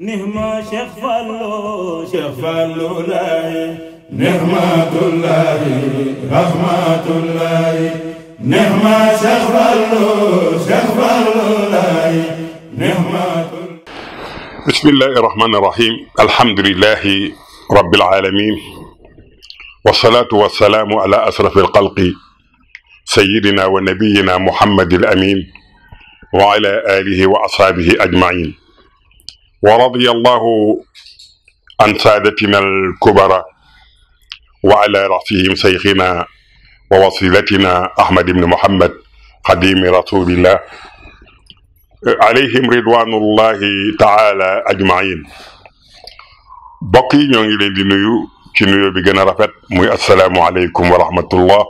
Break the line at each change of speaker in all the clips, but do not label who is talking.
نهما شيخ فلو شيخ لاي نهما تلاي رحمة تلاي نهما شيخ فلو شيخ لاي نهما بسم الله الرحمن الرحيم الحمد لله رب العالمين والصلاة والسلام على أشرف الخلق سيدنا ونبينا محمد الأمين وعلى آله وأصحابه أجمعين ورضي الله عن سادتنا الكبرى وعلى رأسهم شيخنا ووصيلتنا أحمد بن محمد قديم رسول الله عليهم رضوان الله تعالى أجمعين بقي يونغي دي نيو تي السلام عليكم ورحمه الله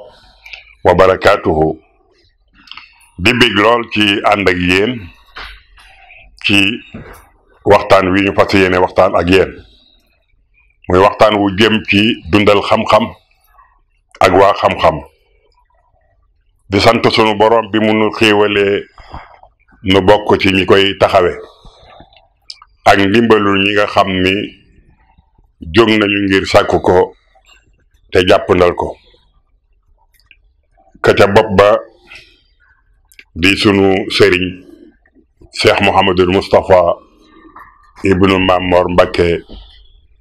وبركاته دي بيغ لول تي اندك يين تي waxtaan wi ñu fas yéene waxtaan ak yéen muy waxtaan wu jëm ci dundal xam-xam ak waa xam-xam di sant sunu borom bi mu nu xiiwalee nu bokk ci ñi koy taxawe ak ndimbalul ñi nga xam ni jóg nañu ngir sàkku ko te jàppandal ko ka ca bopp ba di sunu sëriñ Cheikh Mouhamadul Moustapha ابن معمر مبكي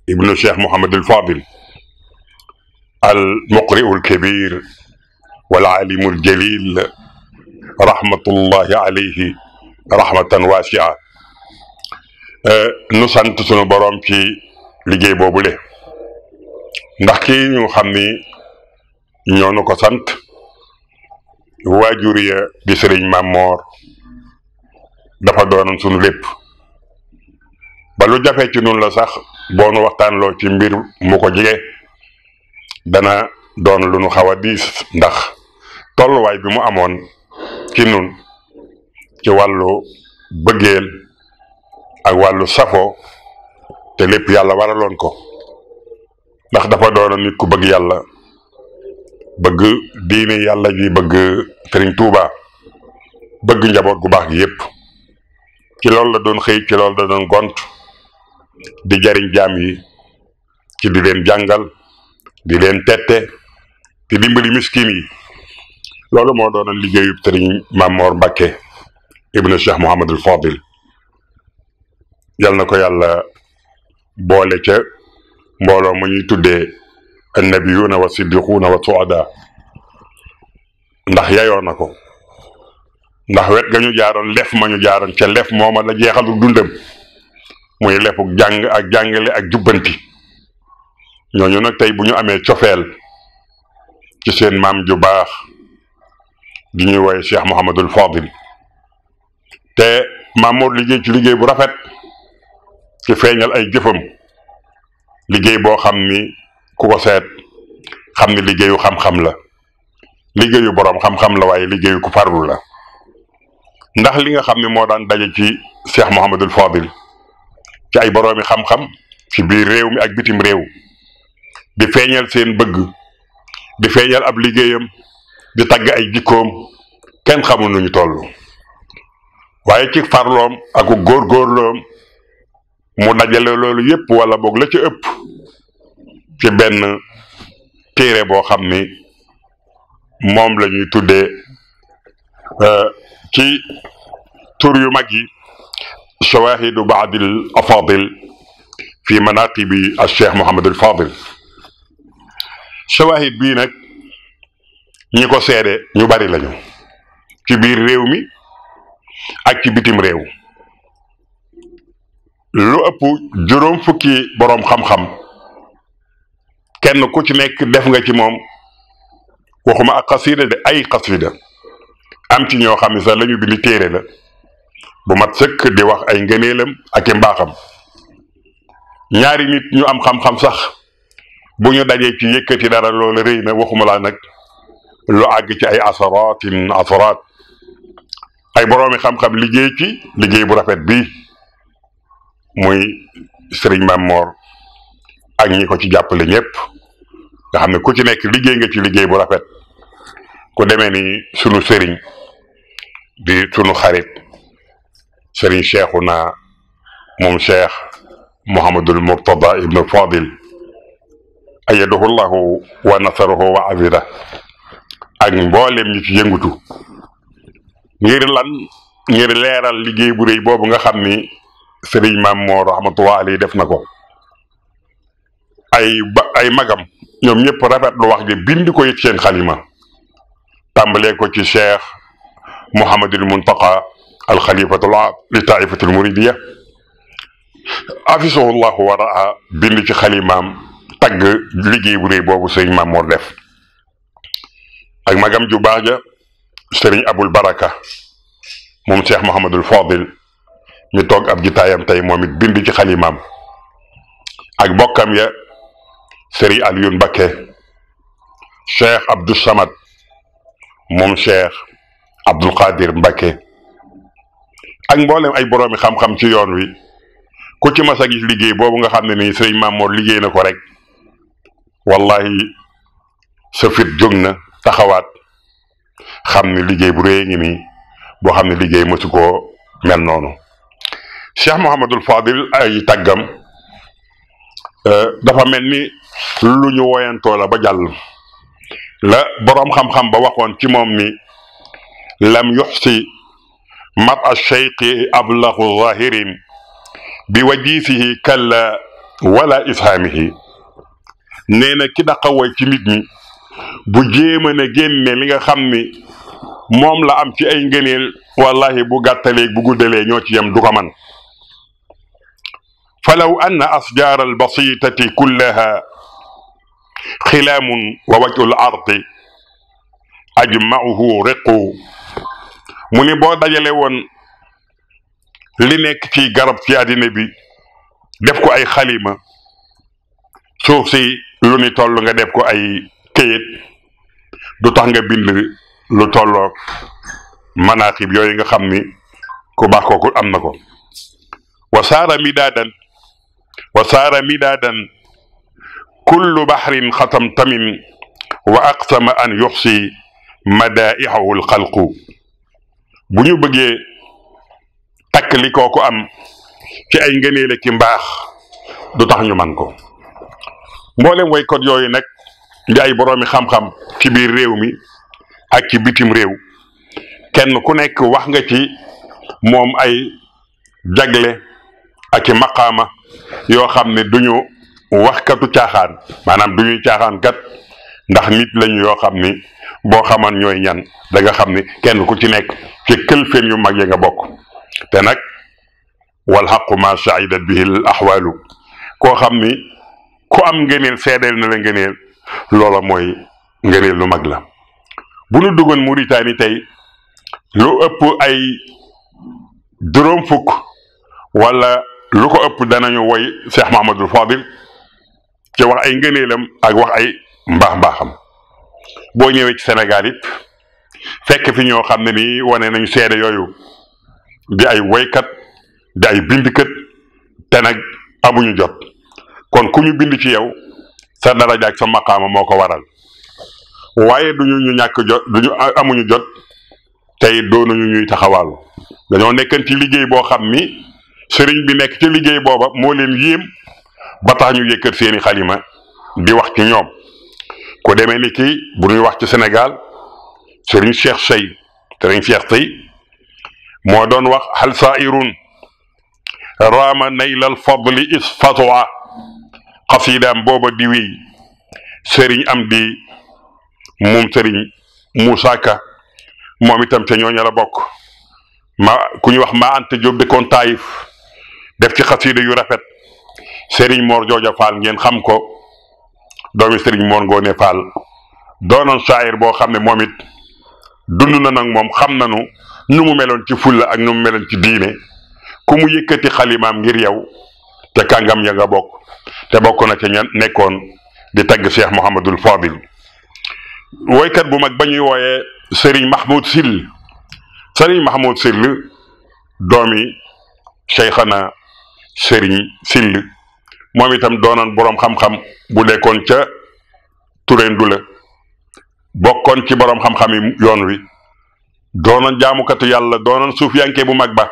ابن الشيخ محمد الفاضل المقرئ الكبير والعالم الجليل رحمة الله عليه رحمة واسعة نسانت سنو بروم في لجي بوبله نحكي نخمي نيونو كسانت واجوري بسرين مامور دفع دوران سنو لب lu jafe ci nun la sax boo nu waxtaan waxtaanloo ci mbir mu ko jige dana doon lu nu xaw a diis ndax tolluwaay bi mu amoon ci nun ci wàllu bëggeel ak wàllu safo te lépp yàlla waraloon ko ndax dafa doon nit ku bëgg yàlla bëgg diine yàlla ji bëgg sëriñ Tuuba bëgg njaboot gu baax gi yépp ci loolu la doon xëy ci lool la doon gont di jariñ jaam yi ci di leen jàngal di leen tette di dimbali miskin yi loolu moo doonoon liggéeyub sëriñ Mamor Mbacke ibnu Cheikh Mouhamadul Fadil yal na ko yàlla boole ca mbooloo mu ñuy tuddee annabiyuuna wa siddiquuna wa suada ndax yayoo na ko ndax wet ga ñu jaaroon lef ma ñu jaaroon ca lef mooma la jeexalu dundam muy leppug jàng ak jàngale ak jubbanti ñooñu nag tey bu ñu amee cofeel ci seen maam ju baax di ñuy woowee Cheikh Mouhamadul Fadil te Mamour liggéey ci liggéey bu rafet ci feeñal ay jëfam liggéey boo xam ni ku ko seet xam ni liggéeyu xam-xam la liggéeyu boroom xam-xam la waaye liggéeyu ku farlu la ndax li nga xam ne moo daan daje ci Cheikh Mouhamadul Fadil ay boroomi xam-xam ci biir réew mi ak bitim réew di feeñal seen bëgg di feeñal ab liggéeyam di tagg ay jikkoom kenn xamul nu ñu toll waaye ci farloom góor góorgóorloom mu dajale loolu yépp wala boog la ci ëpp ci benn téere boo xam ni moom la ñuy tuddee euh, ci tur yu mag yi شواهد بعض الافاضل في مناقب الشيخ محمد الفاضل شواهد بينك نيكو سيري ني باري لاجو في بير ريومي اك في بيتم ريو لو اوب جوروم فوكي بوروم خام خام كين كو تي نيك ديف nga ci mom waxuma ak qasida de ay qasida am ci ño xamni sa bu mat sëkk di wax ay ngëneelam ak i mbaaxam ñaari nit ñu am xam-xam sax bu ñu dajee ci yëkkati dara loolu rëy na waxuma nag lu àgg ci ay asaraatin asaraat ay boroomi xam-xam liggéey ci liggéey bu rafet bii muy sëriñ Maam Moor ak ñi ko ci jàppale ñëpp nga xam ne ku ci nekk liggéey nga ci liggéey bu rafet ku demee ni sunu sëriñ di sunu xarit sëriñ Cheikhouna moom Cheikh Mouhamadul Murtada ibnu Fadil ayadahu llahu wa nasarahu wa azira ak mboolem ñi ci yëngutu ngir lan ngir leeral liggéey bu réy boobu nga xam ni sëriñ maam moo rahmatullahi alayhi def na ko ay ba magam ñoom ñëpp rafet lu wax ji bind ko yit xalima tàmbalee ko ci cheikh Mouhamadul Muntaqa الخليفة العام لطائفة المريدية afisoo allahu waraa bind ci xalimaam tagg liggéey bu réy boobu sëriñ maam moor def ak magam ju baax ja sëriñ abul baraka moom cheikh mohamadul fadil ñu toog ab jitaayam tey moom it bind ci xalimaam ak bokkam ya sëriñ aliyun mbakke cheikh abdou samad moom cheikh abdul qadir mbakke ak mboolem ay boroomi xam-xam ci yoon wi ku ci mas gis liggéey boobu nga xam ne nii sëriñ Mamour liggéey na ko rek wallahi sa fit jóg na taxawaat xam ne liggéey bu réy ngi boo xam ne liggéey mësu koo mel noonu Cheikh Mouhamadul Fadil ay tàggam euh, dafa mel ni lu ñu woyantoo ba jàll la boroom xam-xam ba waxoon ci moom ni lam yuxsi مرء الشيق أبلغ ظاهر بوجيسه كلا ولا إفهامه نينا كده قوي تلدني بجيما نجن لغا خمني موم لا أم في والله بو غتاليك بو غدالي نيوتي يم دوغمان فلو أن أشجار البسيطة كلها خلام ووجه الأرض أجمعه رقو mu ni boo dajale woon li nekk ci garab ci àddina bi def ko ay xalima suuf si lu ni toll nga def ko ay këyit du tax nga bind lu tolloo manaaxib yooyu nga xam ni ku baax kooku am na ko wa saara midaadan wa saara midaadan kullu baxrin xatam tamin wa aqsama an yuxsi madaaixahu alxalqu bu ñu bëggee takk li am ci ay ngëneel ki mbaax du tax ñu man ko mboolem woykat yooyu nag di ay boroomi xam-xam ci biir réew mi ak ci bitim réew kenn ku nekk wax nga ci moom ay jagle ak ci maqaama yoo xam ne duñu waxkatu caaxaan maanaam duñuy caaxaan kat ndax nit lañu yoo xam ni boo xaman ñooy ñan danga xam ni kenn ku ci nekk ci këlfeen yu mag ya nga bokk te nag wal xaqu ma saidat bihi l koo xam ni ku am ngëneel seedeel na la ngëneel loola mooy ngëneel lu mag la bu nu duggoon Mauritanie tey lu ëpp ay juróom fukk wala lu ko ëpp danañu woy Cheikh Mahamadul Fadil ci wax ay ngëneelam ak wax ay mbaax mbaaxam boo ñëwee ci Sénégal it fekk fi ñoo xam ne nii wane nañu seede yooyu di ay woykat di ay bindkat te nag amuñu jot kon ku ñu bind ci yow sa daraja ak sa maqaama moo ko waral waaye duñu ñu ñàkk jot duñu amuñu jot tey doonuñu ñuy taxawal dañoo nekkan ci liggéey boo xam ni sëriñ bi nekk ci liggéey booba moo leen yéem ba tax ñu yëkkat seeni xalima di wax ci ñoom ku demee ni kii bu ñuy wax ci Sénégal sëriñ Cheikh Sey sëriñ Cheikh Sey moo doon wax hal sairun rama raama al fadli isfatwa fatwa xasiidaam booba di wiy sëriñ am di moom sëriñ Moussa Ka moom itam te ñooña la bokk ma ku ñu wax ma ante job de kon taif def ci xasiida yu rafet serigne Mor Jooja fall ngeen xam ko doomi sëriñ moon ngoone Fall doonoon saayir boo xam ne moom it dund na nag moom xam nanu nu mu meloon ci fulla ak nu meloon ci diine ku mu yëkkati xalimaam ngir yow te kàngam ya nga bokk te bokk na ca ña nekkoon di tagg Cheikh Mouhamadul Fadil woykat bu mag ba ñuy sëriñ Serigne Mahmoud sëriñ Serigne Mahmoud Sill doomi Cheikhana Serigne Sill moom itam doonoon boroom xam-xam bu nekkoon ca tureen du bokkoon ci boroom xam-xam yi yoon wi doonoon jaamukatu yàlla doonoon suuf yankee bu mag ba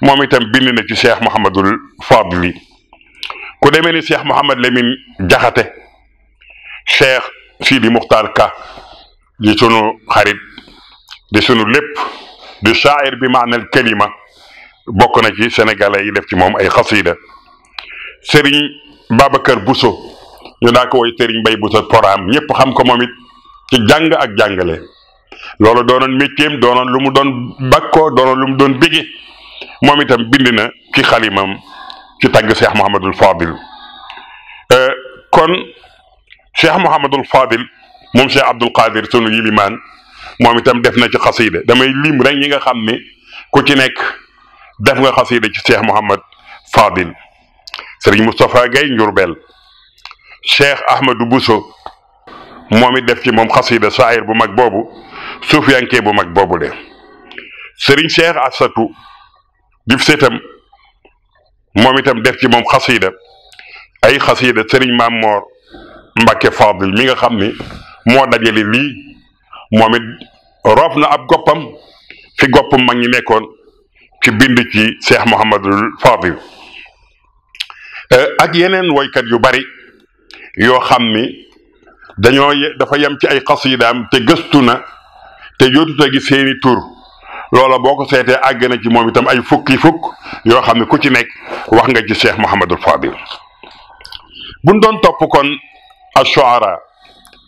moom itam bind na ci cheikh Mouhamadul Fadli ku demee ni cheikh Mouhamad Lamine Jaxate cheikh Sidi Muxtaar Ka di sunu xarit di sunu lépp di shaair bi maanal kalima bokk na ci sénégalais yi def ci moom ay xasida سرين بابكر بوسو ينعكو ويترين باي بوسو فرام نيب خام كو موميت تي جانغ اك جانغالي لولو دونن ميتيم دونن لومو دون باكو دونن لومو دون بيغي موميتام بيندنا كي خاليمام تي تاغ شيخ محمد الفاضل ا كون شيخ محمد الفاضل موم شيخ عبد القادر سونو يليمان موميتام ديفنا تي قصيده داماي ليم رك نيغا خامني كو تي نيك def nga xasida ci cheikh mohammed fadil serigne mustapha gay njourbel cheikh Ahmadou Bousso momi def ci mom xasida saayir bu mag boobu suufiyanke bu mag bobu de serigne cheikh Asatu dif sétam momi tam def ci mom xasida ay xasida serigne Maam Mbacke Fadil mi nga xamni mo moo li lii moom ab gopam fi goppam mag ñi nekkon ci bind ci cheikh mohammed Fadil Eh, ak yeneen woykat yu bari yoo xam ni dañoo dafa yem ci ay xasidaam te gëstu na te jotut gi seeni tur loola boo ko seetee àgg na ci moom itam ay fukki fukk yoo xam ne ku ci nekk wax nga ci seex Mouhamadul Fadil buñ doon topp kon ashuara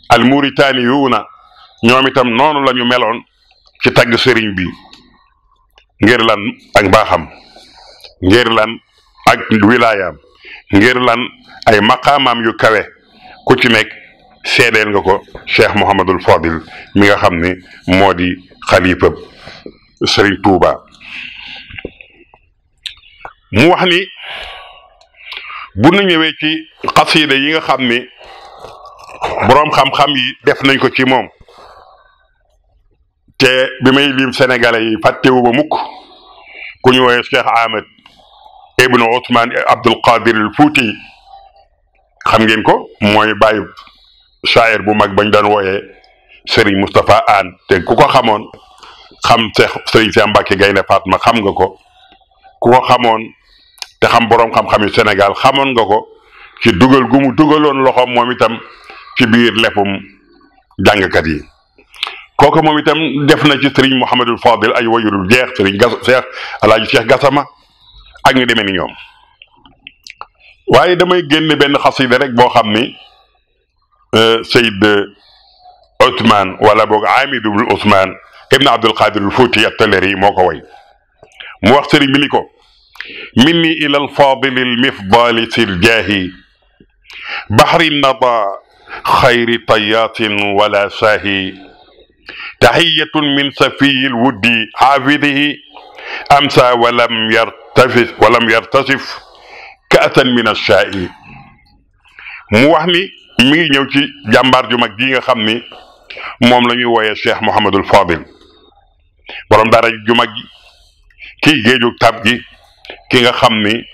al na ñoom itam noonu la ñu meloon ci tagg sëriñ bi ngir lan ak mbaaxam ngir lan ak wilaayaam ngir lan ay maqamam yu kawe ku ci nek sédel nga ko cheikh Mouhamadul Fadil mi nga xamné modi khalifa Serigne Touba mu wax ni bu nu ñëwé ci qasida yi nga xamné borom xam-xam yi def nañ ko ci mom te bi may lim sénégalais yi ba mukk ku ñu woowee Cheikh Ahmed ibnu Ousmane Abdul Qadir al Fuuti xam ngeen ko mooy bàyyi shaayir bu mag bañ daan wooyee Serigne Moustapha Anne te ku ko xamoon xam Seex Serigne Cheikh Mbacke Gaynde Fatma xam nga ko ku ko xamoon te xam boroom xam-xam yu Sénégal xamoon nga ko ci dugal gu mu dugaloon loxoom moom itam ci biir lefum jàngkat yi kooku moom itam def na ci Serigne Mouhamadul Fadil ay wayurul jeex Serigne Gas Cheikh Alaaji Cheikh Gasama ak ñu demee ni ñoom waaye damay génn benn xasida rek boo xam ni Seyd Ousmane wala boog Amid ibn Ousmane ibn Abdul Qadir al-Fuuti at-Talari moo ko way mu wax sëriñ bi ni ko minni ila al-faadil al-mifdal sil jaahi bahri an-nada khayri tayyatin wala shahi tahiyatun min safiy al-wuddi haafidihi amsa walam yart تفث ولم يرتصف كأسا من الشاي موحني مي نيوتي جامبار جو ماك ديغا خامني موم لا نيو الشيخ محمد الفاضل بروم دارا جو ماك كي جيجو تاب جي كيغا خامي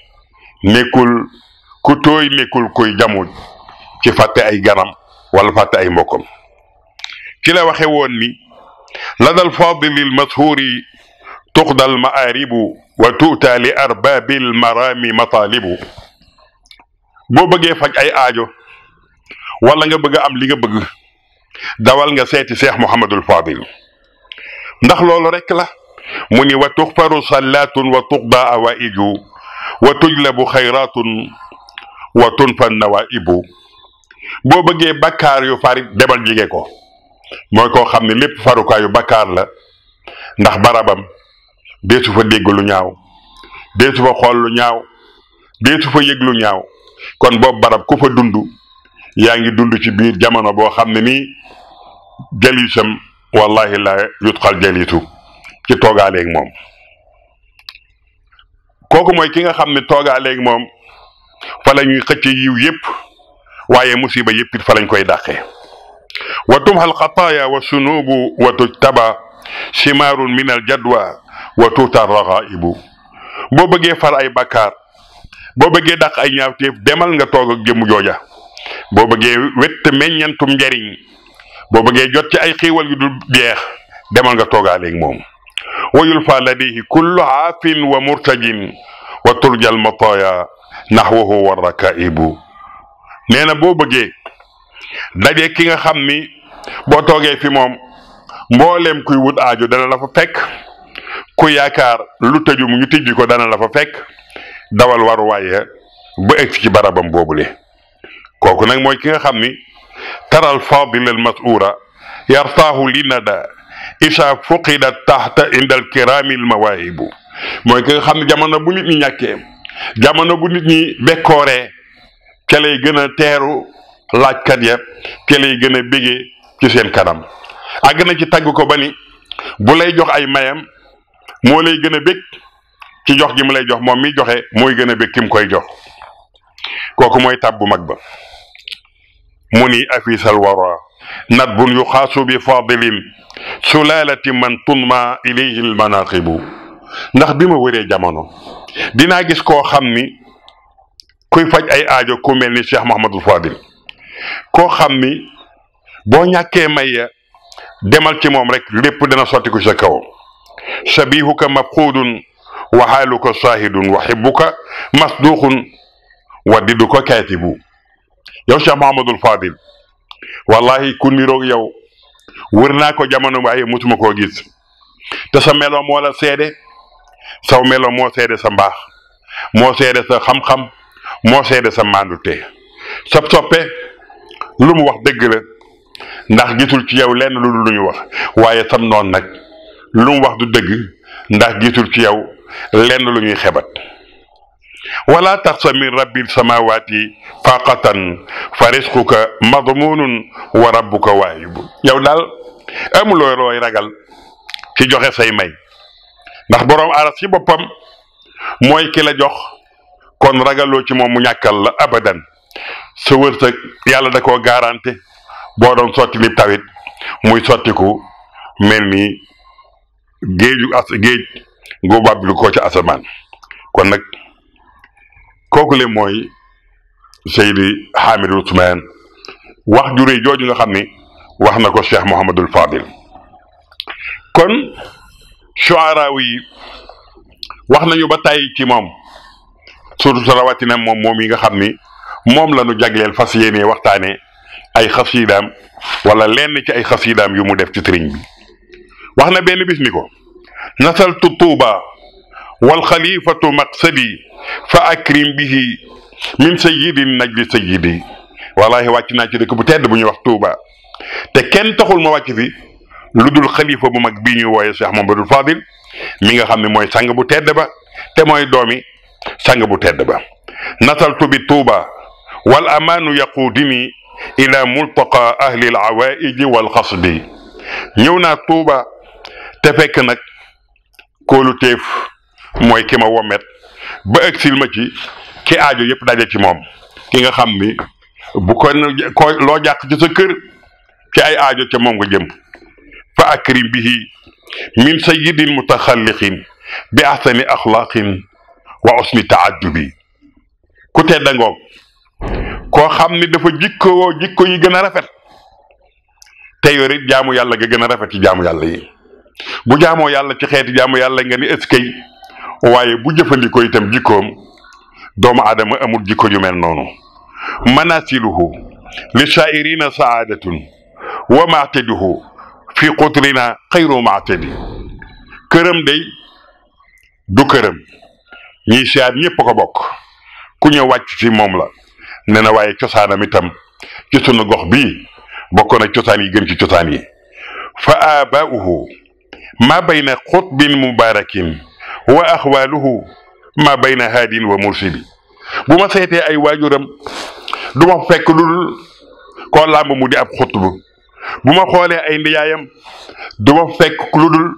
نيكول كوتوي نيكول كوي جاموج كي فاتي اي غرام ولا فاتي اي موكم كي لا واخي لدى الفاضل المشهور تقضى المآرب وتؤتى لأرباب المرام مطالب بو بغي فاج اي اديو ولا nga bëgg am li nga bëgg dawal nga cheikh mohammed al Fadil ndax lolu rek la muni wa tuxfaru salatun wa tuqda awaiju wa tujlabu xayraatun wa tunfa an-nawaib bo bëggee bakkaar yu farit debal jige ko mooy koo xam ne lépp yu bakkaar la ndax barabam deetu fa dégg lu ñaaw deetu fa xool lu ñaaw deetu fa yég lu ñaaw kon boobu barab ku fa dund yaa ngi dund ci biir jamono boo xam ne nii jaliisam wallahi la yutxal jaliitu ci toogaaleeg moom kooku mooy ki nga xam ne toogaaleeg moom fa la ñuy xëcce yiw yépp waaye musiba yépp it fa lañ koy dàqee wa tumhal xataaya wa sunubu wa tujtaba chimaarun min al jadwa wa tuuta raghaibu boo bëggee far ay bakkaar boo bëggee daq ay ñaawteef demal nga toog ak jëmu jooja boo bëggee wett meññantum njariñ boo bëggee jot ci ay xiiwal yu dul jeex demal nga toogaaleeg moom wayul fa ladayhi kullu aafin wa murtajin wa turjal mataaya naxwahu wa rakaibu nee na boo bëggee daje ki nga xam ni boo toogee fi moom mbooleem kuy wut aajo dana la fa fekk ku yaakaar lu tëju mu ñu tijji ko dana la fa fekk dawal waruwaaya ba egg ci barabam boobu le kooku nag mooy ki nga xam ni taral fadilal mas'ura yartaahu li nada isa fuqida taxta indal kiramil mawaayibu mooy ki nga xam ne jamono bu nit ñi ñàkkee jamono bu nit ñi bekkooree ca yi gën teeru laajkat ya ca yi gën a bégee ci seen kanam àgg na ci tàgg ko ba ni bu lay jox ay mayam moo lay gën a bég ci jox gi mu lay jox moom mi joxe mooy gën a bég koy jox kooku mooy tab bu mag ba mu ni afisal wara nat bun yu xaasu bi fadilin sulalati man tunma ilayhi lmanaqibu ndax bi ma wëree jamono dinaa gis koo xam ni kuy faj ay ajo ku mel ni Cheikh Mahamadul Fadil koo xam ni boo ñàkkee may ya demal ci mom rek lépp dina sotti ko sa kaw shabihuka mafquudun wa haluka shahidun wa hubuka masduuxun wa diduka katibu yow Cheikh Mouhamadul Fadil wallahi ku rok yow wër ko jamono baye mutuma ko gis te sa melo mo la seede sa melo mo seede sa mbax mo seede sa xam-xam mo seede sa mandute sa topé lumu wax deug la ndax gisul ci yow lenn lu du lu ñu wax waaye sam noon nag lum wax du dëgg ndax gisul ci yow lenn lu ñuy xebat walla wala taxsa min rabbil samawati faqatan fa risquka madmunun wa rabbuka waayibun yow daal amuloo looy ragal ci joxe say may ndax boroom aras ci boppam mooy kila jox kon ragaloo ci moom mu ñàkkal la abadan sa wërsëg yàlla da koo garanté boo doon sotti li tawit muy sottiku mel ni géeju as géej gu bàbbi ko ci asamaan kon nag kooku le mooy Seydi Hamidou Ousmane wax jure jooju nga xam ni wax na ko Cheikh Mouhamadul Fadil kon shuaraaw yi wax nañu ba tàyyi ci moom surtout sa rawatina moom moom yi nga xam ni moom la ñu jagleel fas yéenee waxtaanee ay xasiidaam wala len ci ay xasiidaam yu mu def ci sëriñ bi waxna ben bis ni ko nasaltu wal khalifatu maqsadi fa akrim bihi min sayyidin najdi sayyidi wallahi wàcc naa ci dëkk bu tedd bu ñu wax tuba te ken taxul ma wàcc fi ludul khalifa bu mag bi ñu woyé Cheikh Mamadou Fadil mi nga xamni moy sang bu tedd ba te moy domi sang bu tedd ba nasaltu bi tuba wal amaanu yaquudini ila multaqa ahli al awaiji wal xasbi ñëw naa tuuba te fekk nag kóolu téef mooy ki ma womet ba ëgsil ma ci ki aajo yëpp daje ci moom ki nga xam ni bu ko ko loo jàq ci sa kër ci ay aajo ca moom nga jëm fa akrim bihi min sayyidil mutaxalliqin bi ahsani axlaqin wa usni taaddubi ku teddangoog koo xam ni dafa jikkoo jikko yi gën a rafet te yor it jaamu yàlla ga gën a rafet ci jaamu yàlla yi bu jaamoo yàlla ci xeeti jaamu yàlla nga ni eskay waaye bu jëfandikoo itam jikkoom doomu aadama amul jikko ju mel noonu manasiluhu li shaa'irina saadatun wa maatadihu fi qutrina xayru maatadi këram day du këram ñiy siyaat ñépp ko bokk ku ñëw wàcc ci moom la nee na waaye cosaanam itam ci sunu gox bii bokkoon ak cosaan yi gën ci cosaan yi fa aabauhu ma bayna xutbin mubarakin wa axwaaluhu ma bayna haadin wa mursidi bu ma seetee ay waajuram du ma fekk lul koo làmb mu di ab xutb bu ma xoolee ay ndiyaayam du ma fekk lu dul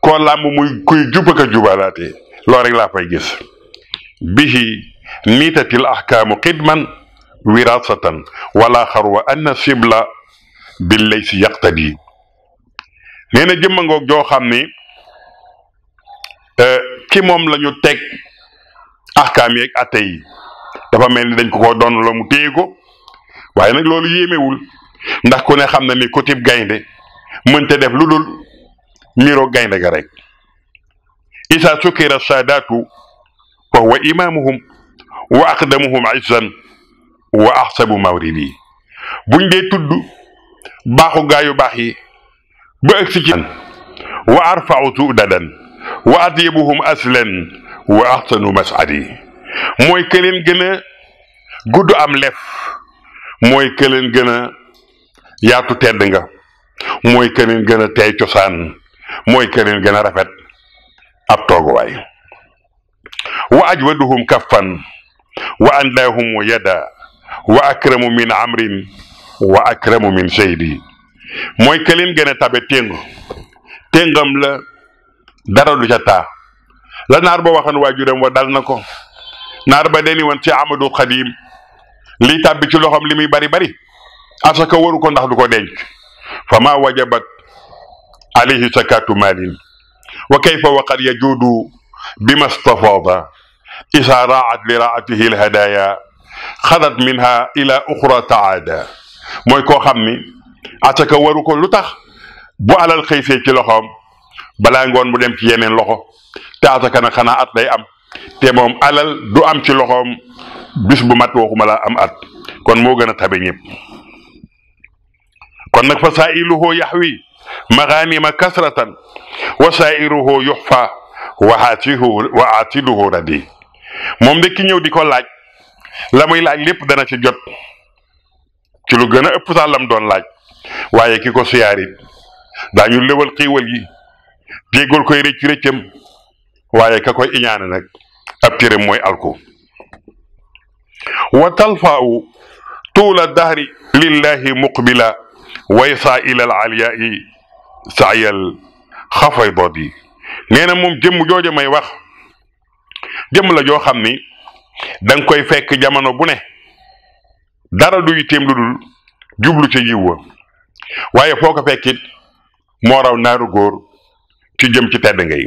koo làmb muy kuy jub ak a jubalaate loo rek laa fay gis bihi niitatil ahkaamu xidman wirasatan wala xarwa anna sibla bil lay si yaqtadi nee na jëmmangoog joo xam ni euh, kii moom lañu ñu teg axkaam yeeg tey dafa mel ni dañ ko ko doon la mu téye waaye nag loolu yéemewul ndax ku ne xam na ni kutib gaynde mënte def lu dul miro gaynde ga rek isa sukkira saadaatu wa huwa imaamuhum wa aqdamuhum izzan wa ahsabu mawridi buñ dee tudd baaxu gaa yu baax yi ba ëgsi ci wa arfau tudadan wa atyabuhum aslan wa ahsanu masadi mooy ke leen gudd am lef mooy ke leen yaatu tedd nga mooy ke leen gën cosaan mooy ke leen gën a rafet ab tooguwaay wa ajwaduhum kaffan wa andaahum yada واكرم من عمرو واكرم من سيدي موي كلين غنا تابي تينغ تينغام لا دارو لو جاتا لا نار با واخان واجو ديم ودال نكو نار با ديني وان تي عمدو قديم لي تابي تي لوخام لي مي باري باري افاكا وورو كو ناخ دوكو دنج فما وجبت عليه زكاة مال وكيف وقد يجود بما استفاض إذا راعت لراعته الهدايا خذت منها الى اخرى تعادا موي كو خامي اتاكا واروكو لوتاخ بو على الخيفه تي لوخوم بلا غون مو ديم تي يمين لوخو تي اتاكا نا خنا ات داي ام تي موم علال دو ام تي لوخوم بيس بو مات واخوما لا ام ات كون مو غنا تابي نيب كون نك فسائله يحوي مغانم كثرة وسائره يحفى وعاتله ردي موم ديك نيو ديكو لاج la muy laaj lépp dana ci jot ci lu gën ëpp sax lam doon laaj waaye ki ko suyaarit daañu lewal xiiwal yi déggool koy rëcc rëccam waaye ka koy iñaane nag ab mooy alko wa talfaawu tuula dahri lillahi muqbila waysa ilal aliyaai saayal xafay doot yi moom jëmm jooja may wax jëmm la joo xam ni danga koy fekk jamono bu ne dara du yitteem lu dul jublu ca yiw wa waaye foo ko fekkit moo raw naaru góor ci jëm ci tedd ngay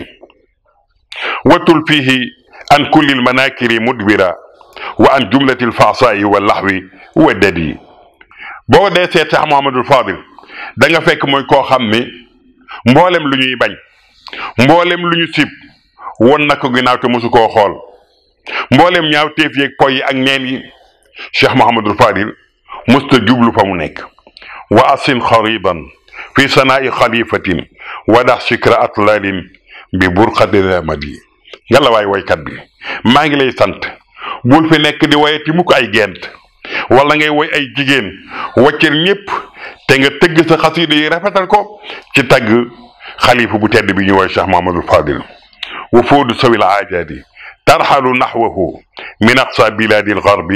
watul fiihi an kullil manakiri mudbira wa an jumlatil faasaayi wa laxwi wa dadi boo dee seet sax Muhammadul Fadil da fekk mooy koo xam ni mboolem lu ñuy bañ mboolem lu ñu sib won na ko ginnaaw te mosu koo xool mbollem ñaaw teef yeeg po yi ak neen yi cheikh mahamadul fadil musta djublu famu nek wa asin khariban fi sana'i khalifatin wa da shikra atlalin bi burqati ramadi yalla way way kat bi ma ngi lay sante bul fi nek di wayati muko ay gent wala ngay way ay jigen waccer ñépp te nga teug sa xasida yi rafetal ko ci tag khalifa bu tedd bi ñu woy cheikh mahamadul fadil wa foodu sawil ajadi ترحل نحوه من أقصى بلاد الغرب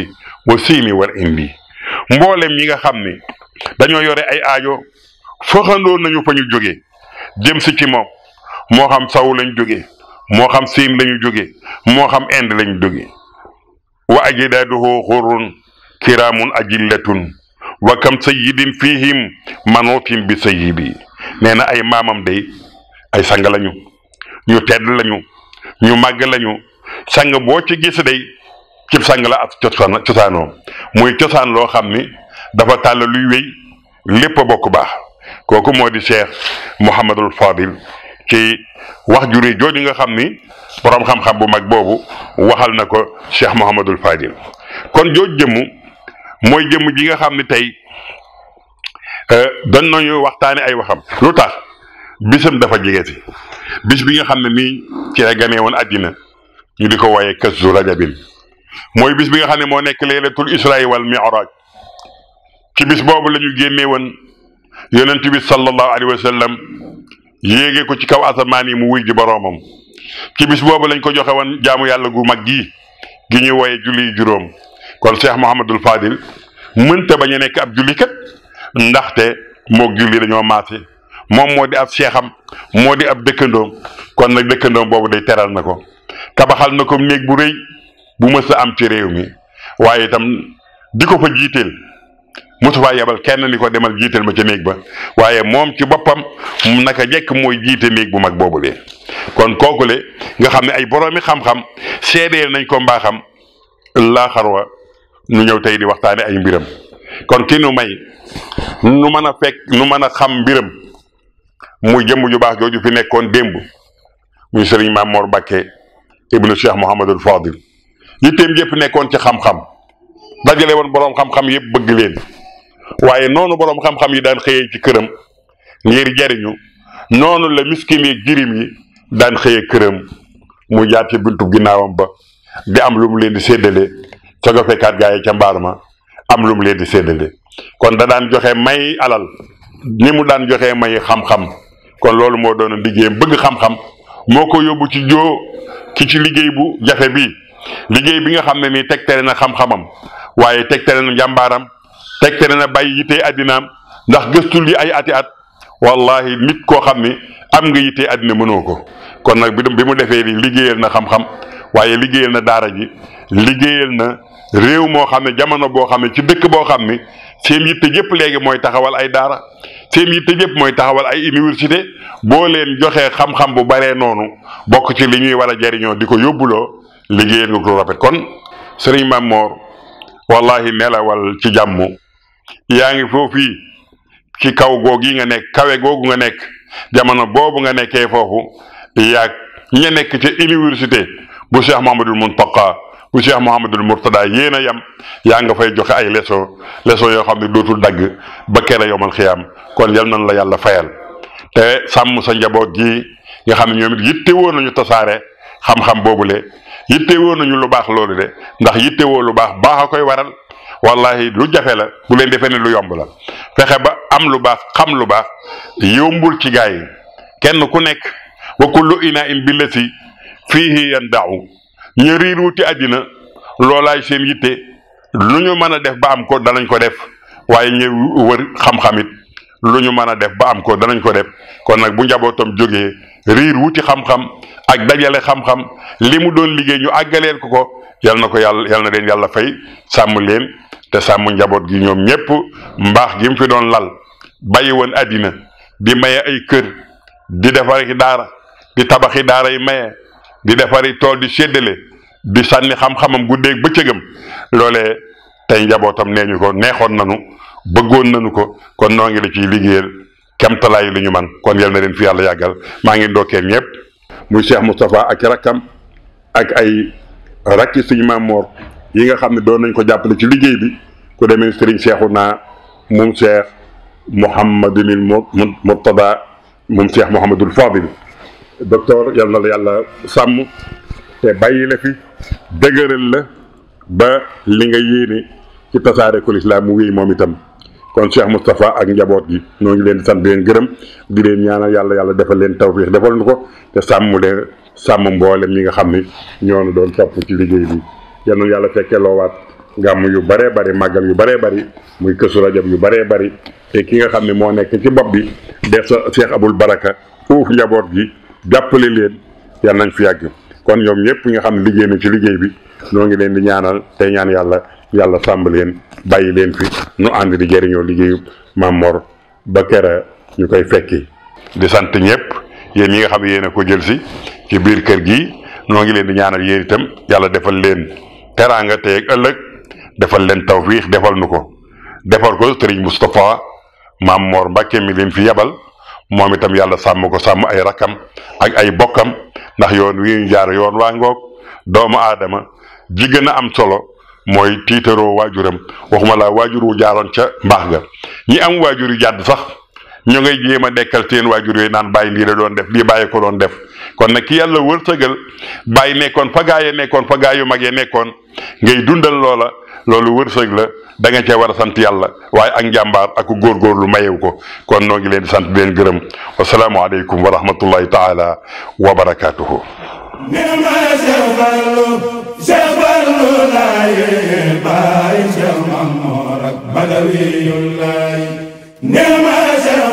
والصين والهند mboolem ñi nga xam ni dañoo yore ay aajo fëxandoo nañu fa ñu jóge jëm si ci moom moo xam saw lañ jóge moo xam siin lañu jóge moo xam ind lañu jóge wa ajdaaduhu xurun kiraamun ajillatun wa kam sayyidin fihim manutin bi sayyibi nee na ay maamam day ay sang lañu ñu tedd lañu ñu màgg lañu sang boo ci gis day cib sang la ak cosaanoo muy cosaan loo xam ni dafa tàll luy wéy lépp a bokk baax kooku moo di Cheikh Mouhamadul Fadil ci wax jure jooju nga xam ni boroom xam-xam bu mag boobu waxal na ko Cheikh Mouhamadul Fadil kon jooju jëmm mooy jëmm ji nga xam ni tey euh, doon nañu waxtaane ay waxam lu tax bisam dafa jege si bis bi nga xam ne nii ci la ganee woon àddina ñu di ko wooyee kazu rajabin mooy bis bi nga xam ne moo nekk laylatul israa wal mi'raaj ci bis boobu la ñu génnee woon yonent bi sallallahu alayhi wa sallam yéege ko ci kaw asamaan yi mu wuy ji boroomam ci bis boobu lañ ko joxe woon jaamu yàlla gu mag gii gi ñuy wooyee julli juróom kon Cheikh Mouhamadul Fadil mënta bañ a nekk ab julli kat ndaxte moog julli dañoo maase moom moo di ab seexam moo di ab dëkkandoom kon nag dëkkandoom boobu day teral na ko. tabaxal na koom néeg bu rëy bu mës am ci réew mi waaye itam di ko fa jiiteel mosu faa yebal kenn ni ko demal jiiteel ma ca néeg ba waaye moom ci boppam naka jekk mooy jiite néeg bu mag boobu lee kon kooku le nga xam ne ay boroomi xam-xam seedeel nañ ko mbaaxam laa xarwa nu ñëw tey di waxtaane ay mbiram kon ki nu may nu mën a fekk nu mën a xam mbiram muy jëmm ju baax jooju fi nekkoon démb muy sëriñ Maam Mor Mbàkke ibnu cheikh Mouhamadul Fadil yitteem yëpp nekkoon ci xam-xam dajale woon boroom xam-xam yëpp bëgg leen waaye noonu boroom xam-xam yi daan xëyee ci këram ngir jariñu noonu la miskin yi jirim yi daan xëyee këram mu jaar ci buntu ginnaawam ba di am lu mu leen di séddale ca nga fekkaat gaa yi ca mbaar ma am lu mu leen di séddale kon da daan joxe may alal ni mu daan joxe may xam-xam kon loolu moo doon liggéeyam bëgg xam-xam moo ko yóbbu ci joo ki ci liggéey bu jafe bii liggéey bi nga xam ne nii tegtale na xam-xamam waaye tegtale na njàmbaaram tegtale na bay yittee àddinaam ndax gëstul yi ay ati at wallahi nit koo xam ni am nga yittee addina mënoo ko kon nag bi mu defee li liggéeyal na xam-xam waaye liggéeyal na daara ji liggéeyal na réew moo xam ne jamono boo xam ne ci dëkk boo xam ne seen yitte yépp léegi mooy taxawal ay daara seen yitte yëpp mooy taxawal ay université boo leen joxee xam-xam bu baree noonu bokk ci li ñuy war a jariñoo di ko yóbbuloo liggéeyal nga ko rafet kon sëriñ Mame Mor wallahi nelawal ci jàmmu yaa ngi foofu ci kaw googu yi nga nekk kawe googu nga nekk jamono boobu nga nekkee foofu yaag ña nekk ca université bu Cheikh Mamadou Mountakha وشيخ محمد المرتضى يينا يام يانغا فاي جوخي اي ليسو ليسو يو خامني دوتول داغ بكير يوم القيام كون يال نان لا يالا فايال تي سام سا نجابو جي يي خامني نيوميت ييتي وونو نيو تاساري خام خام بوبولي ييتي وونو نيو لو باخ لولو دي نداخ ييتي وو لو باخ باخا كوي وارال والله لو جافي لا بو لين ديفاني لو يومبلا فخه با ام لو باخ خام لو باخ يومبول تي غاي كين كو نيك وكل اناء بالتي فيه يندعو ñu riir wuti àddina loolaay seen yitte lu ñu mën a def ba am ko danañ ko def waaye ñu wër xam-xamit lu ñu mën a def ba am ko danañ ko def kon nag bu njabootam jógee riir wuti xam-xam ak dajale xam-xam li mu doon liggéey ñu àggaleel ko ko yal na ko yàlla yal na den yàlla fay sàmm leen te sàmm njaboot gi ñoom ñépp mbaax gi mu fi doon lal bàyyi woon àddina di maye ay kër di defar daara di tabaxi daara yi maye di defari tool di séddale di sànni xam-xamam ba bëccëgam loolee tey njabootam nee ñu ko neexoon nanu bëggoon nanu ko kon noo ngi la ciy liggéeyal kemtalaayi lu ñu man kon yal na leen fi yàlla yàggal maa ngi ndokkeel ñëpp muy Cheikh Moustapha ak rakkam ak ay rakki suñu maam yi nga xam ne doon nañ ko jàppale ci liggéey bi ku demee Serigne Cheikhouna moom Cheikh Mouhamadul Murtada moom Cheikh Mouhamadul Fadil docteur yal na la yàlla sàmm te bàyyi la fi dëgëral la ba li nga yéene ci tasaare ko mu wéy moom itam kon Cheikh Moustapha ak njaboot gi ñoo ngi leen di di leen gërëm di leen ñaanal yàlla yàlla defal leen tawfiix defal nu ko te sàmm sàmm mboolem ñi nga xam ne ñoo doon topp ci liggéey bi yal na yàlla fekkee loowaat gàmm yu bëree bari màggal yu bëree bari muy kësu rajab yu bëree bari te ki nga xam ne moo nekk ci bopp bi def sa Cheikh Abul Baraka uuf njaboot gi. jàppale leen yal nañ fi yàgg kon ñoom ñëpp nga xam ne liggéey na ci liggéey bi noo ngi leen di ñaanal tey ñaan yàlla yàlla sàmb leen bàyyi leen fi nu ànd di jëriñoo liggéeyu Mame Mor ba kera ñu koy fekki di sant ñëpp yéen ñi nga xam ne ko jël si ci biir kër gi noo ngi leen di ñaanal yéen itam yàlla defal leen teraanga tey ëllëg defal leen tawfiix defal nu ko defal ko sëriñ Moustapha Mame Mor Mbacke mi leen fi yebal moom itam yàlla sàmm ko sàmm ay rakkam ak ay bokkam ndax yoon wi jaar yoon waa ngoog doomu aadama ji gën a am solo mooy tiitaroo waajuram waxuma laa waajur wu jaaroon ca mbaax ga ñi am waajur yu jàdd sax ñu ngay jéem a dekkal seen waajur yooyu naan bàyyi lii la doon def lii bàyyi ko doon def kon nag ki yàlla wërsëgal bàyyi nekkoon fa gaay yi nekkoon fa yu mag yi nekkoon ngay dundal loola loolu wërsëg la danga nga cee sant yàlla waaye ak njàmbaar ak góorgóorlu mayew ko kon noo ngi leen di sant di leen gërëm wasalaamualeykum wa rahmatullahi taala wa barakaatuhu. Nema